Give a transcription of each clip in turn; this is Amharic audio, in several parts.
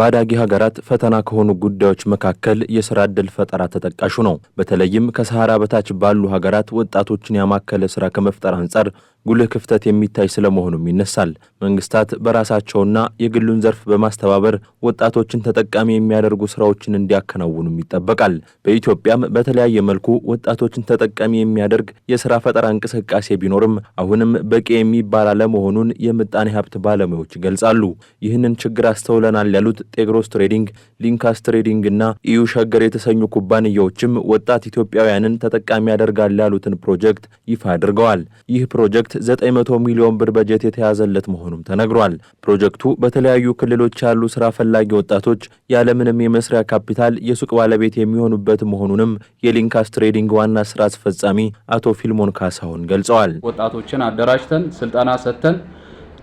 በአዳጊ ሀገራት ፈተና ከሆኑ ጉዳዮች መካከል የስራ ዕድል ፈጠራ ተጠቃሹ ነው። በተለይም ከሰሃራ በታች ባሉ ሀገራት ወጣቶችን ያማከለ ስራ ከመፍጠር አንጻር ጉልህ ክፍተት የሚታይ ስለመሆኑም ይነሳል። መንግስታት በራሳቸውና የግሉን ዘርፍ በማስተባበር ወጣቶችን ተጠቃሚ የሚያደርጉ ስራዎችን እንዲያከናውኑም ይጠበቃል። በኢትዮጵያም በተለያየ መልኩ ወጣቶችን ተጠቃሚ የሚያደርግ የስራ ፈጠራ እንቅስቃሴ ቢኖርም አሁንም በቂ የሚባል አለመሆኑን የምጣኔ ሀብት ባለሙያዎች ይገልጻሉ። ይህንን ችግር አስተውለናል ያሉት ጤግሮስ ትሬዲንግ፣ ሊንካስ ትሬዲንግ እና ኢዩ ሸገር የተሰኙ ኩባንያዎችም ወጣት ኢትዮጵያውያንን ተጠቃሚ ያደርጋል ያሉትን ፕሮጀክት ይፋ አድርገዋል። ይህ ፕሮጀክት 900 ሚሊዮን ብር በጀት የተያዘለት መሆኑም ተነግሯል። ፕሮጀክቱ በተለያዩ ክልሎች ያሉ ስራ ፈላጊ ወጣቶች ያለምንም የመስሪያ ካፒታል የሱቅ ባለቤት የሚሆኑበት መሆኑንም የሊንካስ ትሬዲንግ ዋና ስራ አስፈጻሚ አቶ ፊልሞን ካሳሁን ገልጸዋል። ወጣቶችን አደራጅተን ስልጠና ሰጥተን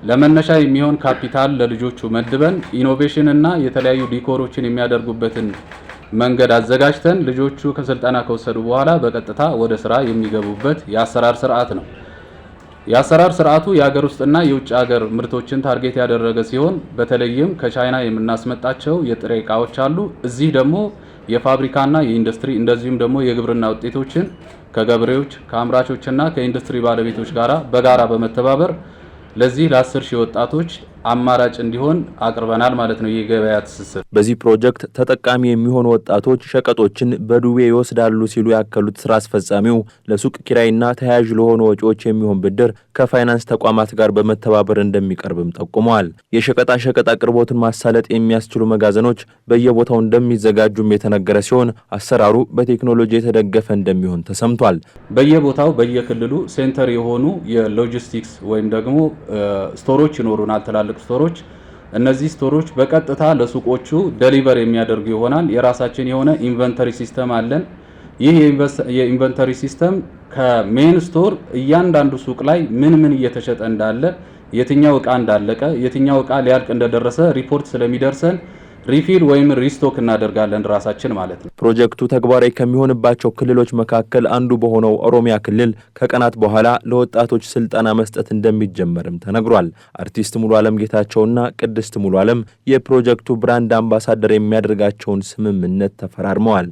ለመነሻ የሚሆን ካፒታል ለልጆቹ መድበን ኢኖቬሽን እና የተለያዩ ዲኮሮችን የሚያደርጉበትን መንገድ አዘጋጅተን ልጆቹ ከስልጠና ከወሰዱ በኋላ በቀጥታ ወደ ስራ የሚገቡበት የአሰራር ስርዓት ነው። የአሰራር ስርዓቱ የሀገር ውስጥና የውጭ ሀገር ምርቶችን ታርጌት ያደረገ ሲሆን በተለይም ከቻይና የምናስመጣቸው የጥሬ እቃዎች አሉ። እዚህ ደግሞ የፋብሪካና የኢንዱስትሪ እንደዚሁም ደግሞ የግብርና ውጤቶችን ከገበሬዎች ከአምራቾችና ከኢንዱስትሪ ባለቤቶች ጋር በጋራ በመተባበር ለዚህ ለ10 ሺህ ወጣቶች አማራጭ እንዲሆን አቅርበናል ማለት ነው። የገበያ ትስስር በዚህ ፕሮጀክት ተጠቃሚ የሚሆኑ ወጣቶች ሸቀጦችን በዱቤ ይወስዳሉ ሲሉ ያከሉት ስራ አስፈጻሚው ለሱቅ ኪራይና ተያያዥ ለሆኑ ወጪዎች የሚሆን ብድር ከፋይናንስ ተቋማት ጋር በመተባበር እንደሚቀርብም ጠቁመዋል። የሸቀጣ ሸቀጥ አቅርቦትን ማሳለጥ የሚያስችሉ መጋዘኖች በየቦታው እንደሚዘጋጁም የተነገረ ሲሆን አሰራሩ በቴክኖሎጂ የተደገፈ እንደሚሆን ተሰምቷል። በየቦታው በየክልሉ ሴንተር የሆኑ የሎጂስቲክስ ወይም ደግሞ ስቶሮች ይኖሩናል ትላልቅ ትላልቅ ስቶሮች እነዚህ ስቶሮች በቀጥታ ለሱቆቹ ደሊቨር የሚያደርጉ ይሆናል። የራሳችን የሆነ ኢንቨንተሪ ሲስተም አለን። ይህ የኢንቨንተሪ ሲስተም ከሜን ስቶር እያንዳንዱ ሱቅ ላይ ምን ምን እየተሸጠ እንዳለ፣ የትኛው እቃ እንዳለቀ፣ የትኛው እቃ ሊያልቅ እንደደረሰ ሪፖርት ስለሚደርሰን ሪፊል ወይም ሪስቶክ እናደርጋለን ራሳችን ማለት ነው። ፕሮጀክቱ ተግባራዊ ከሚሆንባቸው ክልሎች መካከል አንዱ በሆነው ኦሮሚያ ክልል ከቀናት በኋላ ለወጣቶች ስልጠና መስጠት እንደሚጀመርም ተነግሯል። አርቲስት ሙሉ አለም ጌታቸውና ቅድስት ሙሉ አለም የፕሮጀክቱ ብራንድ አምባሳደር የሚያደርጋቸውን ስምምነት ተፈራርመዋል።